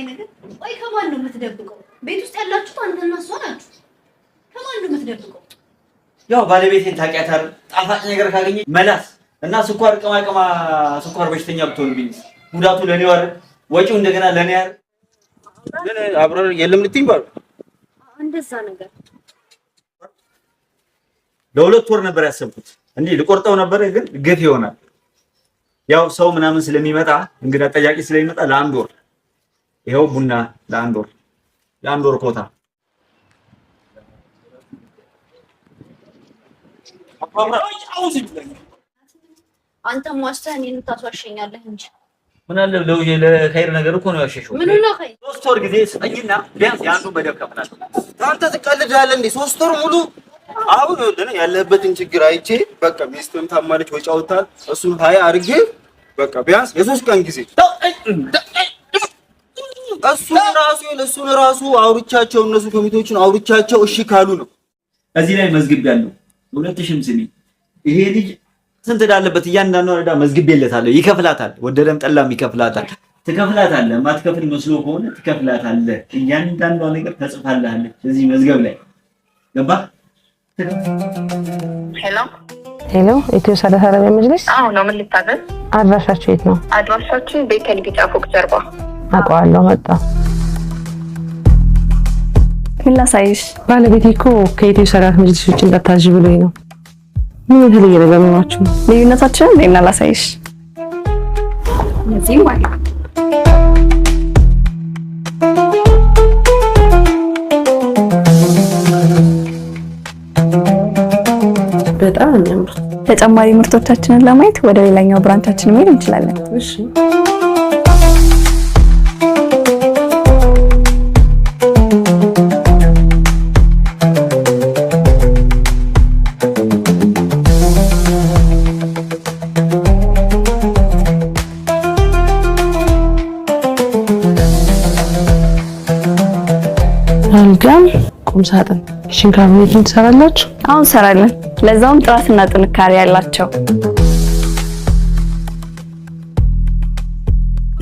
የሚገባኝ ነገር ወይ ከማን ነው የምትደብቀው? ቤት ውስጥ ያላችሁት አንተና እሷ ናችሁ። ከማን ነው የምትደብቀው? ያው ባለቤቴን ታውቂያታለህ። ጣፋጭ ነገር ካገኘ መላስ እና ስኳር ቅማ ቅማ ስኳር በሽተኛ ብትሆንብኝ ጉዳቱ ለኔ ያረ ወጪው እንደገና ለኔ ያረ ግን አብረን የለም ልትይኝ ባሉ እንደዛ ነገር ለሁለት ወር ነበር ያሰብኩት። እንዲህ ልቆርጠው ነበረ፣ ግን ግፍ ይሆናል። ያው ሰው ምናምን ስለሚመጣ እንግዳ ጠያቂ ስለሚመጣ ለአንድ ወር ይኸው ቡና ለአንድ ወር ለአንድ ወር ኮታ አንተ ማስተህ እኔን ታስዋሸኛለህ እንጂ ምን አለ ብለው ለኸይር ነገር እኮ ነው ያሸሸው። ምን ነው ኸይር ሶስት ወር ጊዜ ስጠኝና ቢያንስ ያንዱ መደብ ከፍናል። አንተ ትቀልዳለህ እንዴ? ሶስት ወር ሙሉ አሁን ወደነ ያለህበትን ችግር አይቼ በቃ ሚስትም ታማለች፣ ወጪ አውጥታል። እሱን ሀያ አድርጌ በቃ ቢያንስ የሶስት ቀን ጊዜ እሱን ራሱ እሱን ራሱ አውርቻቸው እነሱ ኮሚቴዎችን አውርቻቸው እሺ ካሉ ነው። እዚህ ላይ መዝግብ ያለው ሁለትሽም ስሚ፣ ይሄ ልጅ ስንት እዳለበት እያንዳንዱ እዳ መዝግቤለታለሁ። ይከፍላታል፣ ወደደም ጠላም ይከፍላታል። ትከፍላታለህ። ማትከፍል መስሎ ከሆነ ትከፍላታለህ። እያንዳንዷ ነገር ተጽፋልሃለች እዚህ መዝገብ ላይ ገባ። ሄሎ ሄሎ፣ ኢትዮ ሰዳት አረቢያ መጅሊስ። አዎ ነው። ምን ልታዘዝ? አድራሻችሁ የት ነው? አድራሻችን ቤተልቢ ጫፎቅ ጀርባ አውቀዋለሁ። መጣ ምን ላሳይሽ? ባለቤቴ እኮ ከኢትዮ ሰራት መጅልስ ውጭ እንዳታዥ ብሎኝ ነው። ምን የተለየ ነገር ሆናችሁ? ልዩነታችን እንዴና ላሳይሽ። እዚህም አለ በጣም የሚያምሩ ተጨማሪ ምርቶቻችንን ለማየት ወደ ሌላኛው ብራንቻችን መሄድ እንችላለን። እሺ አልጋም፣ ቁም ሳጥን። እሺን ካቢኔት ትሰራላችሁ? አሁን እንሰራለን። ለዛውም ጥራትና ጥንካሬ ያላቸው።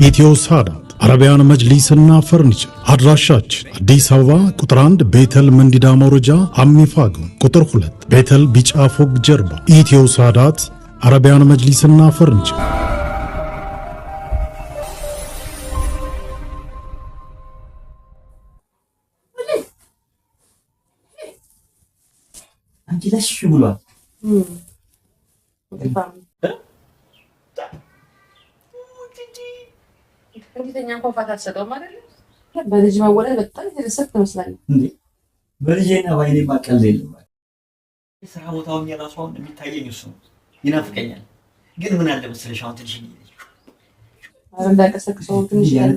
ኢትዮ ሳዳት አረቢያን መጅሊስና ፈርኒቸር አድራሻችን አዲስ አበባ ቁጥር 1 ቤተል መንዲዳ መውረጃ አሚፋጎን፣ ቁጥር 2 ቤተል ቢጫ ፎግ ጀርባ። ኢትዮ ሳዳት አረቢያን መጅሊስና ፈርኒቸር አንቺ ለሽ ብሏል። በልጅ መወለድ በጣም የተደሰት ትመስላለህ። በልጄና ባይኔ ማቀል የለም። ስራ ቦታውን የራሱ አሁን የሚታየኝ እሱ ነው። ይናፍቀኛል። ግን ምን አለ መሰለሽ አሁን ትንሽ እንዳቀሰቅሰው ትንሽ ያለ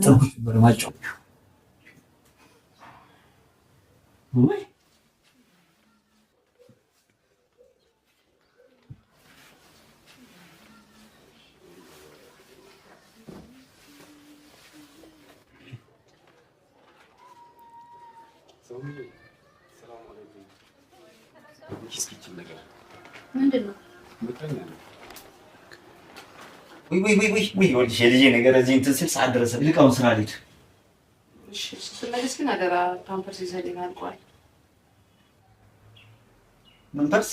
የልጄ ነገር እዚህ እንትን ስል ሰዓት ደረሰ። ልቃውን ስራ ልሂድ። እሺ ግን አደራ ፓምፐርስ ይዘልኝ አልቋል። መንፈርስ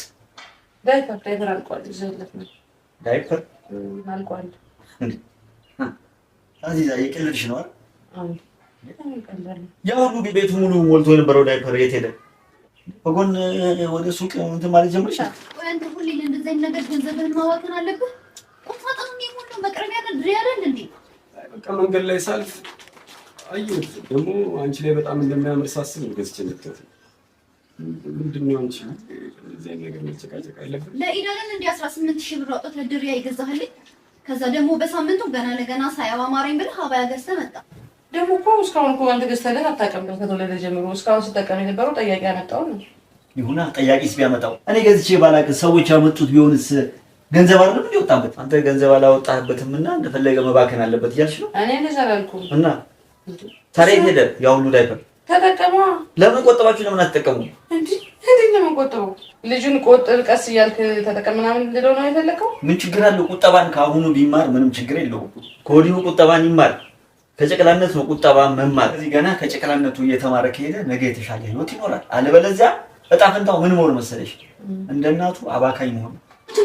ዳይፐር ዳይፐር አልቋል። ይዘለት ነው ዳይፐር አልቋል። አዚዛ የቀለድሽ ነው አይደል? ያ ሁሉ ቤቱ ሙሉ ሞልቶ የነበረው ዳይፐር የት ሄደ? በጎን ወደ ሱቅ እንትን ማለት ጀምርሽ። አንተ ሁሌ ለእንደዚህ አይነት ነገር ገንዘብህን ማባከን አለብህ? ሙሉ ዲሙን ያለ ድሬ አይደል እንዴ? በቃ መንገድ ላይ ሳልፍ አየሁት። ደግሞ አንቺ ላይ በጣም እንደሚያምር ሳስብ ነው ገዝቼ መጣሁ። ምንድን ነው አንቺ እንደዚህ አይነት ነገር መጨቃጨቅ አለብህ? ለኢድ አይደል እንዴ 18 ሺህ ብር አውጥተህ ድሬ ይገዛህልኝ። ከዛ ደግሞ በሳምንቱ ገና ለገና ሳያው አማረኝ ብለህ ሀባያ ገዝተህ መጣ ደግሞ እኮ እስካሁን እኮ አንተ ገዝተህ አታውቅም። ከተወለደ ጀምሮ እስካሁን ስጠቀም የነበረው ጠያቂ ያመጣው ነው። ይሁና ጠያቂስ ቢያመጣው እኔ ገዝቼ ባላውቅም ሰዎች ያመጡት ቢሆንስ ገንዘብ አይደለም እንዲወጣበት ወጣበት? አንተ ገንዘብ አላወጣህበትም እና እንደፈለገ መባከን አለበት እያልሽ ነው። እኔ እንደዛ አላልኩም። እና ታዲያ ሄደ ያ ሁሉ ዳይፐር ተጠቀማ። ለምን ቆጠባችሁ? ለምን አትጠቀሙ? እንዴ ለምን ቆጠቡ? ልጁን ቆጥር፣ ቀስ እያልክ ተጠቀም ምናምን ልለው ነው የፈለከው? ምን ችግር አለው? ቁጠባን ከአሁኑ ቢማር ምንም ችግር የለውም። ከወዲሁ ቁጠባን ይማር። ከጨቅላነት ነው ቁጠባ መማር። እዚህ ገና ከጨቅላነቱ እየተማረ ከሄደ ነገ የተሻለ ህይወት ይኖራል። አለበለዚያ እጣ ፈንታው ምን መሆን መሰለሽ? እንደ እናቱ አባካኝ መሆን።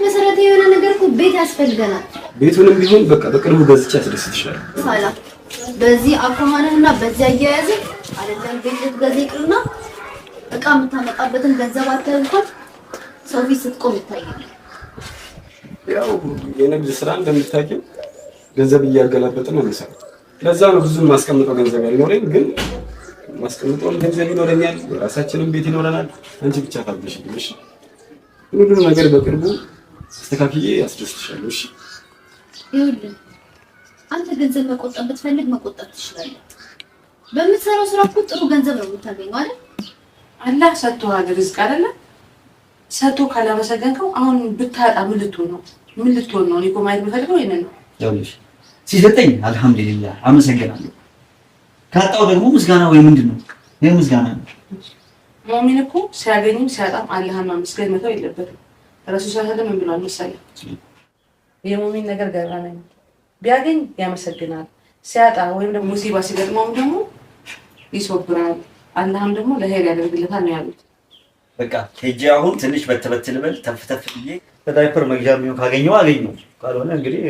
መሰረታዊ የሆነ ነገር እኮ ቤት ያስፈልገናል። ቤቱንም ቢሆን በቃ በቅርቡ ገዝቼ ያስደስትሻል። በዚህ አኳኋንና በዚህ አያያዝ አይደለም ቤት ልትገዛ ይቅርና እቃ የምታመጣበትን ገንዘብ አተህ እንኳን ሰው ፊት ስትቆም ይታያል። ያው የንግድ ስራ እንደምታውቂው ገንዘብ እያገላበጥን ነው የሚሰራው ለዛ ነው ብዙ ማስቀምጦ ገንዘብ ያልኖረኝ ግን ማስቀምጦ ገንዘብ ይኖረኛል። ራሳችንም ቤት ይኖረናል። አንቺ ብቻ ታብሽ ልሽ ሁሉንም ነገር በቅርቡ አስተካክዬ አስደስትሻለሁ። እሺ ይኸውልህ፣ አንተ ገንዘብ መቆጠብ ብትፈልግ መቆጠብ ትችላለህ። በምትሰራው ስራ እኮ ጥሩ ገንዘብ ነው የምታገኘው አይደል? አላህ ሰጥቶሃል ርዝቅ አይደለ? ሰጥቶ ካላመሰገንከው አሁን ብታጣ ምን ልትሆን ነው? ምን ልትሆን ነው? እኔ እኮ ማየት የምፈልገው ይሄንን ነው። ሲሰጠኝ አልሐምዱሊላ አመሰግናለሁ። ካጣው ደግሞ ምስጋና ወይ ምንድን ነው ይህ ምስጋና ነው። ሙእሚን እኮ ሲያገኝም ሲያጣም አላህን ማመስገን መተው የለበትም። ረሱል ሰለ ምን ብሏል መሰለህ? የሙእሚን ነገር ገረመኝ። ቢያገኝ ያመሰግናል፣ ሲያጣ ወይም ደግሞ ሙሲባ ሲገጥመውም ደግሞ ይሶብራል፣ አላህም ደግሞ ለኸይር ያደርግለታል ነው ያሉት። በቃ ሄጄ አሁን ትንሽ በተበት ልበል ተፍተፍ ብዬ ከዳይፐር መግዣ የሚሆን ካገኘው አገኘው፣ ካልሆነ እንግዲህ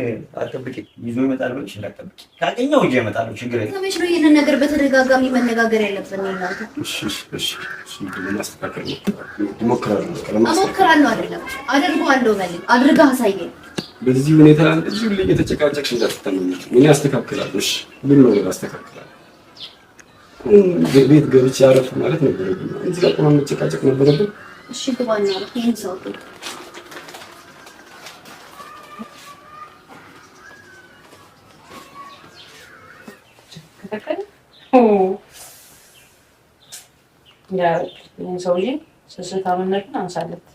አጠብቂ ይዞ ይመጣል ብለሽ እንዳጠብቂ። ካገኘው ይዤ ይመጣል፣ ችግር የለም። ይህንን ነገር በተደጋጋሚ መነጋገር ያለብን? እሞክራለሁ አይደለም በል በዚህ ሁኔታ ቤት ገብቼ አረፍ ማለት ነበረብኝ። እዚህ ጋር መጨቃጨቅ ነበረብን። እሺ ይህን ሰው ዘፈን ይህን ሰውዬ ስስታምነትን አንሳለት።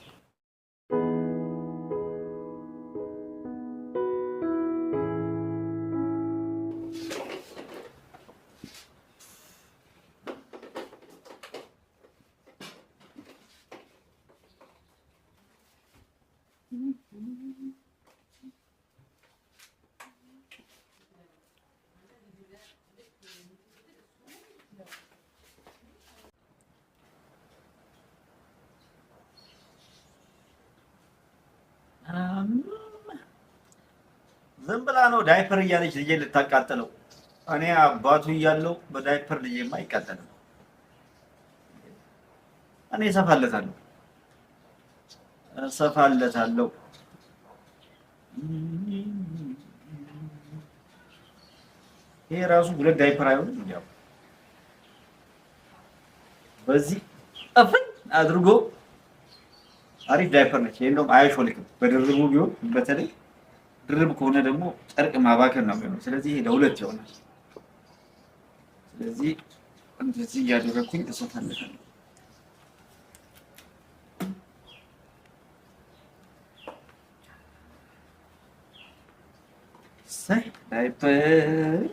ዝም ብላ ነው ዳይፐር እያለች ልጄ ልታቃጥለው። እኔ አባቱ እያለው በዳይፐር ልጄማ አይቃጠልም። እኔ እሰፋለታለሁ እሰፋለታለሁ። ይሄ ራሱ ሁለት ዳይፐር አይሆንም። እንዲያው በዚህ እፍን አድርጎ አሪፍ ዳይፐር ነች። ይሄ እንደውም አያሾልክም። በድርቡ ቢሆን በተለይ ድርብ ከሆነ ደግሞ ጨርቅ ማባከን ነው የሚሆነው። ስለዚህ ይሄ ለሁለት ይሆናል። ስለዚህ እንደዚህ እያደረግኩኝ ነው እሰፋለሁ። ዳይፐር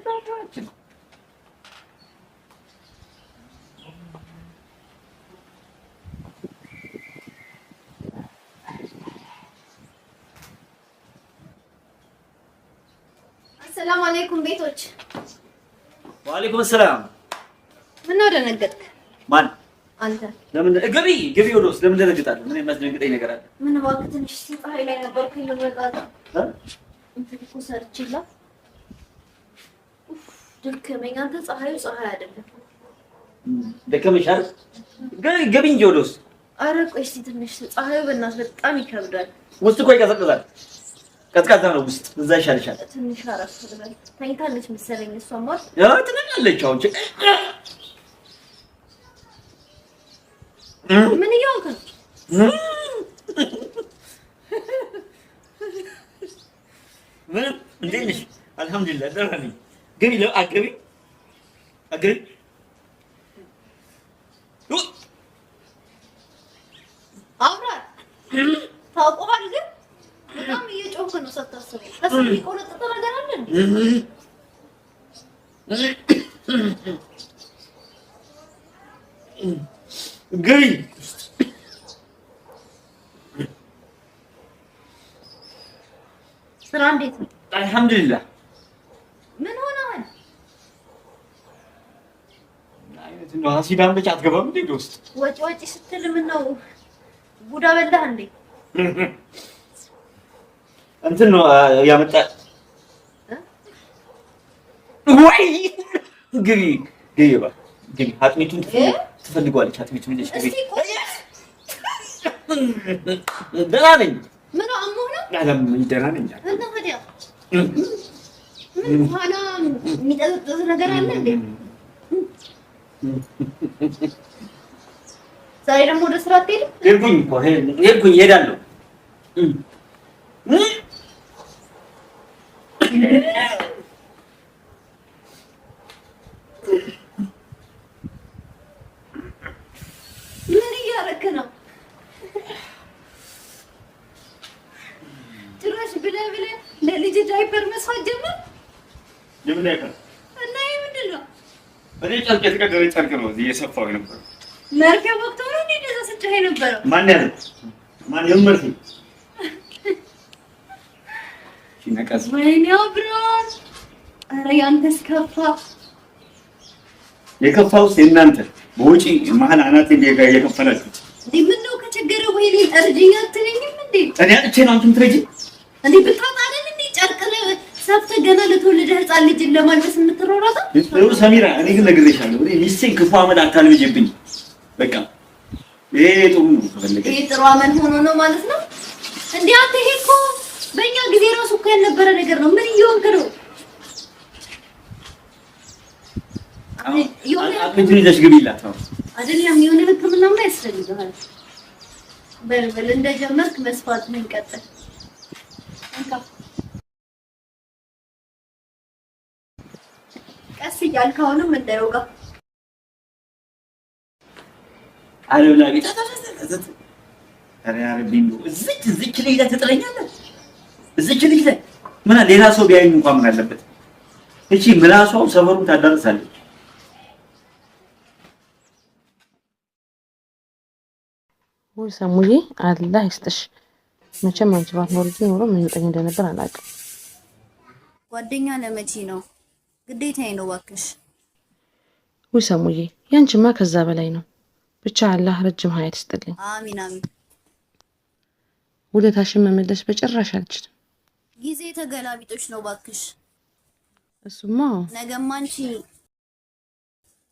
ሰላም አለይኩም ቤቶች። ወአለይኩም ሰላም። ምነው ደነገጥክ? ማን? አንተ። ለምን ግቢ ግቢ። ወደ ውስጥ ለምን ደነግጣለሁ? ምን የሚያስደነግጠኝ ነገር አለ? ምን እባክህ፣ ትንሽ ፀሐይ ላይ ነበርኩኝ። ልወጣ እንትን እኮ ሰርችላ ደከመኝ። አንተ ፀሐዩ ፀሐይ አይደለም ደከመሽ አይደል? ግቢ እንጂ ወደ ውስጥ። ኧረ ቆይ እስኪ ትንሽ ፀሐዩ በእናትህ በጣም ይከብዳል። ውስጥ እኮ ይቀዘቅዛል። ቀዝቃዛ ነው ውስጥ እዛ ይሻልሻል። ትንሽ አረፍ ብለህ ተኝታለች መሰለኝ። እሷም አይደል? ያው ትነኛለች። አሁን ምን እያወቅ ነው? ምንም። እንዴት ነሽ? አልሐምዱሊላህ ደህና ነኝ። ግቢ አገቢ አገቢ አብራ ታውቆባ በጣም እየጮክ ነው ሳታስብ። እሱ የሚቆነጥጥ ነገር አለ ግን ስራ እንዴት ነው? አልሐምዱሊላህ። ምን ሆነዋል? ሲዳን ብቻ አትገባም እንዴ ውስጥ ወጪ ወጪ ስትል ምነው ጉዳ በላህ እንዴ? እንትን ነው ያመጣ ወይ ግቢ ግቢ ባ ግቢ አጥሚቱን ትፈልጓለች። አጥሚቱን ልጅ ግቢ። ደህና ነኝ። ምን አሞ ነው? አለም ደህና ነኝ። እና ነገር አለ እንዴ? ዛሬ ደግሞ ወደ ስራ አትሄድም? ሄድኩኝ እኮ ሄድኩኝ፣ እሄዳለሁ ምን እያደረክ ነው? ጭራሽ ብለህ ብለህ ለልጅ ዳይፐር መስፋት ጀመር እና ይሄ ምንድን ነው? እኔ ጨርቅ የተቀደደ ጨርቅ ነው እዚህ እየሰፋሁ የነበረው መርከብ ወቅት ሆኖ እንደዚያ ስጭህ የነበረው ማን ያለ ማን ነቀዝ ወይኔ አብራሽ ኧረ ያንተስ ከፋ የከፋውስ የእናንተ በውጪ መሀል አናቴ ጋ የከፈላችሁት ምን ነው ከቸገረ ወይ ሌ እርጅኛ አትለኝም እንዴ እኔ አጥቼ ነው አንቺም ትረጂ እንዴ ብታጣለን እንዴ ጨርቅ ሰብተ ገና ለተወለደ ህፃን ልጅ ለማልበስ የምትሮራታ ይኸው ሰሚራ እኔ ግን ነግሬሻለሁ እኔ ሚስቴን ክፉ አመል አታልብጅብኝ በቃ ይሄ ጥሩ ነው ከፈለገ ይሄ ጥሩ አመል ሆኖ ነው ማለት ነው እንዴ አንተ ይሄ እኮ በእኛ ጊዜ ራሱ እኮ ያልነበረ ነገር ነው። ምን እየሆንክ ነው? አሁን ይዘሽ ግቢላት ነው አይደለም? የሆነ ህክምና ምን ያስፈልግሃል? እንደጀመርክ መስፋት ምን ቀጥል። ቀስ እያልክ አሁንም እንዳይወጋ አለብላ ቤት ኧረ ቢንዱ ላይ ትጥለኛለህ እዚች ልጅ ላይ ምን ሌላ ሰው ቢያየኝ እንኳን ምን አለበት? እቺ ምላሷው ሰፈሩን ታዳርሳለች። ወይ ሰሙዬ አላህ ይስጥሽ። መቼም አንቺ ባትኖሪ ኖሮ ምን ጠኝ እንደነበር አላውቅም። ጓደኛ ለመቼ ነው ግዴታዬ ነው እባክሽ። ወይ ሰሙዬ ያንቺማ ከዛ በላይ ነው። ብቻ አላህ ረጅም ሀያት ይስጥልኝ። አሚን አሚን። ውለታሽን መመለስ በጭራሽ አልችልም። ጊዜ ተገላቢጦች ነው ባክሽ። እሱማ ነገማ አንቺ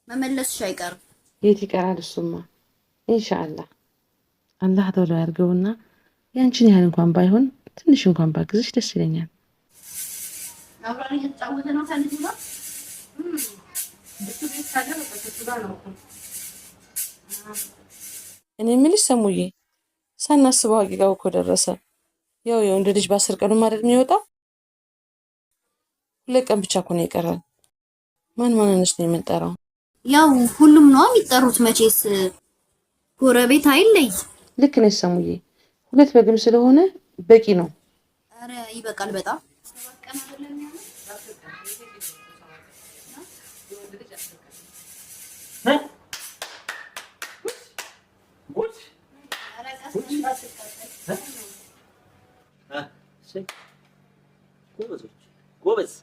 መመለስሽ አይቀርም። የት ይቀራል? እሱማ ኢንሻአላህ አላህ ተውሎ ያርገውና ያንቺን ያህል እንኳን ባይሆን ትንሽ እንኳን ባግዝሽ ደስ ይለኛል። ነው ነው እኔ የምልሽ ሰሙዬ ሳናስበው ሀቂቃው እኮ ደረሰ። ያው የወንድ ልጅ በአስር ቀኑ ማደር የሚወጣው ሁለት ቀን ብቻ እኮ ነው የቀረን። ማን ማን ነው የምንጠራው? ያው ሁሉም ነው የሚጠሩት። መቼስ ጎረቤት አይለይ። ልክ ነሽ ሰሙዬ። ሁለት በግም ስለሆነ በቂ ነው። ኧረ ይበቃል በጣም ጎበዞች ጎበዝ።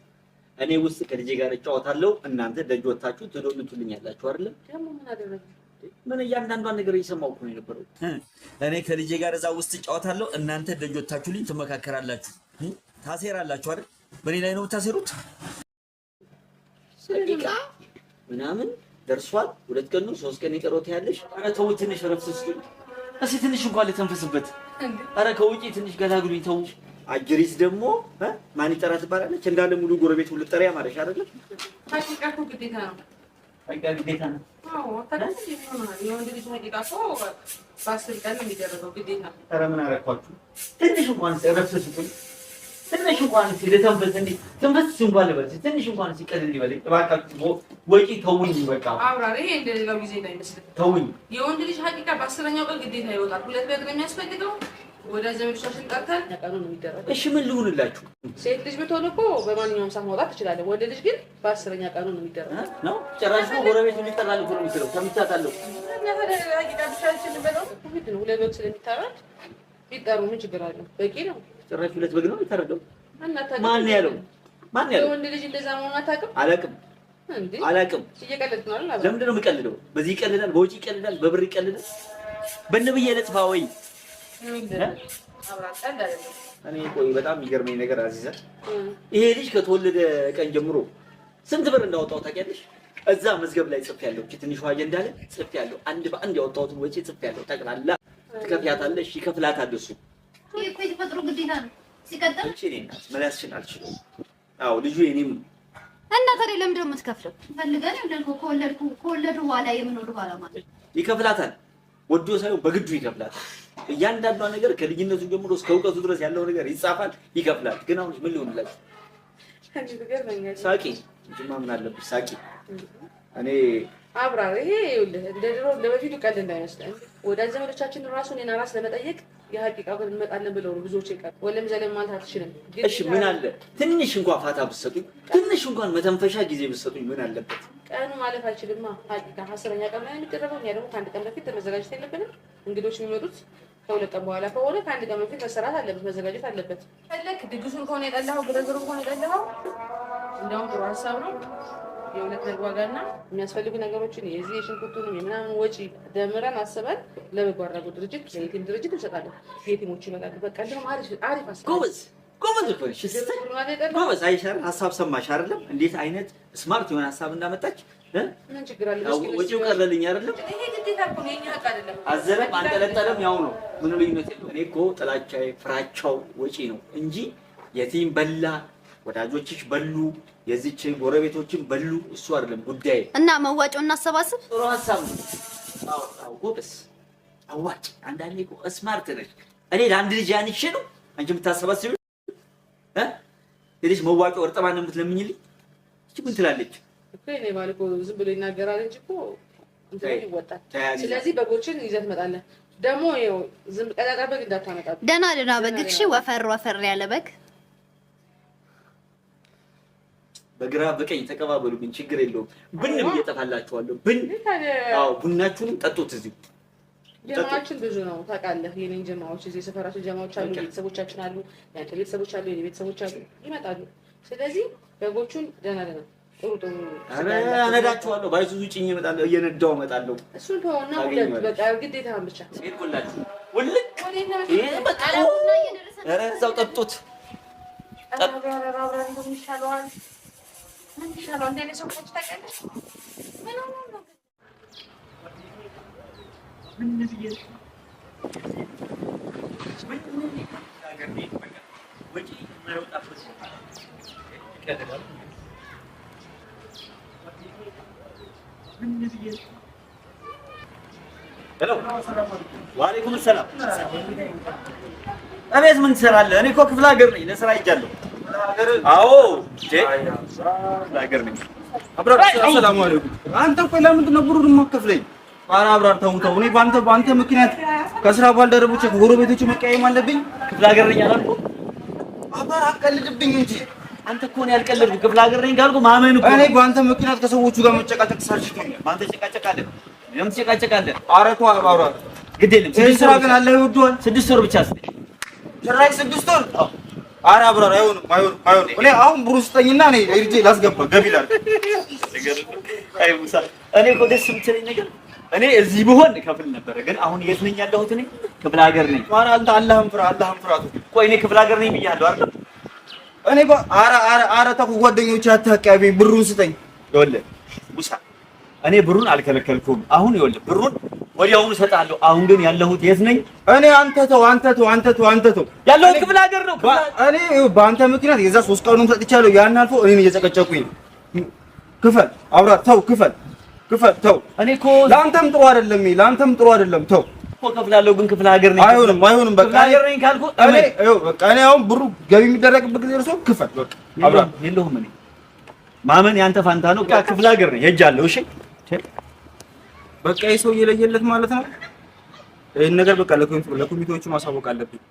እኔ ውስጥ ከልጄ ጋር እጫወታለሁ፣ እናንተ ደጅ ወታችሁ ትዶምቱልኛላችሁ። አይደለም ደግሞ ምን እያንዳንዷን ነገር እየሰማሁ ነው የነበረው። እኔ ከልጄ ጋር እዛ ውስጥ እጫወታለሁ፣ እናንተ ደጅ ወታችሁልኝ ትመካከራላችሁ፣ ታሴራላችሁ አይደል? በእኔ ላይ ነው የምታሴሩት። ደቂቃ ምናምን ደርሷል። ሁለት ቀን ነው ሶስት ቀን የቀረው ያለሽ። ኧረ ተው ትንሽ እረፍት ስጡኝ እስኪ፣ ትንሽ እንኳን ልተንፈስበት። ኧረ ከውጪ ትንሽ ገላግሉኝ ተው። አጅሪስ ደግሞ ማን ይጠራ ትባላለች። እንዳለ ሙሉ ጎረቤት ሁሉ ጠሪያ ማለሽ አይደለም። ምን አረኳችሁ? ትንሽ እንኳን እረፍት ትንሽ እንኳን እንኳን ትንሽ እንኳን ተውኝ። ተውኝ። የወንድ ልጅ ሀቂቃ በአስረኛው ቀን ግዴታ ይወጣል። ሁለት በር የሚያስፈልገው ወዳጅ ዘመዶቻችን ጠርተን ነቀሩ ነው የሚደረገው። እሺ ምን ልሁንላችሁ? ሴት ልጅ ብትሆን እኮ በማንኛውም ሰዓት መውጣት ትችላለህ። ወደ ልጅ ግን በአስረኛ ቀኑ ነው የሚደረገው ነው። ጭራሽ ጎረቤት ነው የሚችለው ሁለት በግ ስለሚታረድ ቢጠሩ ምን ችግር አለው? በቂ ነው። ጭራሽ ሁለት በግ ነው የሚታረደው። ማን ያለው? ማን ያለው? ወንድ ልጅ እንደዛ መሆኑን አታውቅም? አላውቅም አላውቅም። እየቀለድክ ነው። ለምንድን ነው የምቀልደው? በዚህ ይቀልዳል፣ በውጭ ይቀልዳል፣ በብር ይቀልዳል። ለጥፋ ወይ እኔ ቆይ በጣም የሚገርመኝ ነገር አዚዘ፣ ይሄ ልጅ ከተወለደ ቀን ጀምሮ ስንት ብር እንዳወጣው ታውቂያለሽ? እዛ መዝገብ ላይ ጽፌያለሁ። ትንሿ አጀንዳ ላይ ጽፌያለሁ። አንድ በአንድ ያወጣሁትን ወጪ ጽፌያለሁ። ጠቅላላ ትከፍያታለሽ፣ ይከፍላታል እሱ። አዎ ልጁ የኔም እና ታዲያ ለምንድን ነው የምትከፍለው? ፈልገን ይብለልኩ ከወለድኩ ከወለዱ በኋላ የምኖር በኋላ ማለት ይከፍላታል። ወዶ ሳይሆን በግዱ ይከፍላታል። እያንዳንዷ ነገር ከልጅነቱ ጀምሮ እስከ እውቀቱ ድረስ ያለው ነገር ይጻፋል፣ ይከፍላል። ግን አሁን ምን ሊሆንላችሁ? ሳቂ እንጂማ ምን አለብሽ? ሳቂ እኔ አብራር ይሄ ይኸውልህ፣ እንደ ድሮ እንደ በፊቱ ቀልድ እንዳይመስለን። ወዳጅ ዘመዶቻችን ራሱ እኔን ራስ ለመጠየቅ የሀቂቃ እንመጣለን ብለው ነው ብዙዎች ይቀር ወለም ዘለም ማለት አትችልም። እሺ ምን አለ ትንሽ እንኳን ፋታ ብትሰጡኝ፣ ትንሽ እንኳን መተንፈሻ ጊዜ ብትሰጡኝ ምን አለበት? ቀኑ ማለፍ አይችልማ። ሀቂቃ አስረኛ ቀን የሚደረገው እኛ ደግሞ ከአንድ ቀን በፊት መዘጋጀት የለብንም እንግዶች የሚመጡት ከሁለት ቀን በኋላ ከሆነ ከአንድ ቀን በፊት መሰራት አለበት፣ መዘጋጀት አለበት። ፈለክ ድግሱን ከሆነ የጠላኸው ግርግሩ ከሆነ የጠላኸው እንደውም ጥሩ ሀሳብ ነው። የሁለት ነገር ዋጋና የሚያስፈልጉ ነገሮችን የዚህ የሽንኩርቱንም የምናምን ወጪ ደምረን አስበን ለበጎ አድራጎት ድርጅት የቲም ድርጅት እንሰጣለን። የቲሞች ይመጣሉ። በቃ እንደውም አሪፍ አስ ጎበዝ ጎበዝ ጎበዝ አይሻን ሀሳብ ሰማሽ አይደለም? እንዴት አይነት ስማርት የሆነ ሀሳብ እንዳመጣች ወጪው ቀለልኝ አይደለም። አዘለም አንጠለጠለም ያው ነው። ምን ልዩነት የለው። እኔ እኮ ጥላቻዬ ፍራቻው ወጪ ነው እንጂ የቲም በላ ወዳጆችሽ በሉ የዚችን ጎረቤቶችን በሉ እሱ አይደለም ጉዳይ። እና መዋጮ እናሰባስብ። ጥሩ ሀሳብ ነው። ጎበስ አዋጭ። አንዳንዴ እኮ ስማርት ነች። እኔ ለአንድ ልጅ ያንሼ ነው አንቺ የምታሰባስቢው። የልጅ መዋጮ እርጥማን ነው የምትለምኝልኝ። ምን ትላለች? እኮ የእኔ ባል እኮ ዝም ብሎ ይናገራል እንጂ እኮ ይወጣል። ስለዚህ በጎችን ይዘህ ትመጣለህ። ደግሞ ዝም ቀጣጣ በግ እንዳታመጣ። ደህና ደህና በግ እሺ፣ ወፈር ወፈር ያለ በግ በግራ በቀኝ ግን ችግር የለውም። ብንም እየጠፋላችኋለሁ። ብን አዎ፣ ቡናችሁንም ጠጡት። እዚሁ ጀማዎችን ብዙ ነው ታውቃለህ። የኔን ጀማዎች እዚህ የሰፈራችን ጀማዎች አሉ፣ ቤተሰቦቻችን አሉ፣ ያንተ ቤተሰቦች አሉ፣ የኔ ቤተሰቦች አሉ፣ ይመጣሉ። ስለዚህ በጎቹን ደህና ደህና እነዳችኋለሁ ባይሱዙ ጭኝ እመጣለሁ፣ እየነዳው እመጣለሁ። እሱን ተወውና ሁለት በቃ ግዴታ ብቻ እዛው ጠብጦት ምን ሄሎ፣ ሰላም። እቤት ምን ትሰራለህ? እኔ እኮ ክፍለ ሀገር ነኝ፣ ለስራ ሄጃለሁ። አዎ፣ ክፍለ ሀገር ነኝ። ሰላም አለይኩም። አንተ ቆይ ለምንድን ነው ብሩን የማከፍለኝ? ኧረ አብራር ተው ተው። እኔ በአንተ በአንተ ምክንያት ከስራ ባልደረቦቼ ከጎረቤቶቼ መቀየም አለብኝ። ክፍለ ሀገር ነኝ አላልኩም? አብራር አቀልድብኝ እንጂ አንተ እኮ ነው ያልቀለድኩ። ክፍለ ሀገር ነኝ ካልኩ ማመን እኮ እኔ በአንተ ምክንያት ከሰዎቹ ጋር መጨቃጨቅ ሳልችቶኛል። አንተ ጨቃጨቃለህ፣ ለምን ትጨቃጨቃለህ? ኧረ ተው አባሩ፣ ግድ የለም። ስድስት ወር ግን አለ ይወዱዋል። ስድስት ወር ብቻ ስለ ጭራሽ ስድስት ወር አረ አብራራ፣ አይሆንም፣ አይሆንም፣ አይሆንም። እኔ አሁን ብሩ ስጠኝና እኔ ሂጅ ላስገባ ገቢ ላድርግ። አይ ሙሳ፣ እኔ እኮ ደስ የምትለኝ ነገር እኔ እዚህ ብሆን ከፍል ነበረ። ግን አሁን የት ነኝ ያለሁት? እኔ ክፍለ ሀገር ነኝ። ማራ አንተ አላህም ፍራ፣ አላህም ፍራ። ቆይ እኔ ክፍለ ሀገር ነኝ ብያለሁ አይደል? እኔ ኧረ ኧረ ተው ጓደኞቼ አታውቂ፣ ብሩን ስጠኝ። ይኸውልህ ሙሳ፣ እኔ ብሩን አልከለከልኩም። አሁን ይኸውልህ ብሩን ወዲያውኑ እሰጥሃለሁ። አሁን ግን ያለሁት የት ነኝ? እኔ አንተ ተው አንተ ተው አንተ ተው አንተ ተው፣ ያለሁት ክፍለ ሀገር ነው። እኔ በአንተ ምክንያት የዛ ሶስት ቀኑን ሰጥቻለሁ። ያን አልፎ እኔን እየጨቀጨቁኝ ክፈል፣ አውራ ተው፣ ክፈል፣ ክፈል፣ ተው። እኔ እኮ ለአንተም ጥሩ አይደለም፣ ለአንተም ጥሩ አይደለም። ተው ከፍላለሁ ግን ክፍለ ሀገር ነኝ። አይሆንም አይሆንም። በቃ እኔ አሁን ብሩ ገቢ የሚደረግበት ጊዜ እርሶ ክፈል። በቃ የለሁም። እኔ ማመን ያንተ ፋንታ ነው። በቃ ክፍለ ሀገር ነኝ ሄጃለሁ። እሺ በቃ ይሄ ሰው እየለየለት ማለት ነው። ይሄን ነገር በቃ ለኮሚቴዎቹ ማሳወቅ አለብኝ።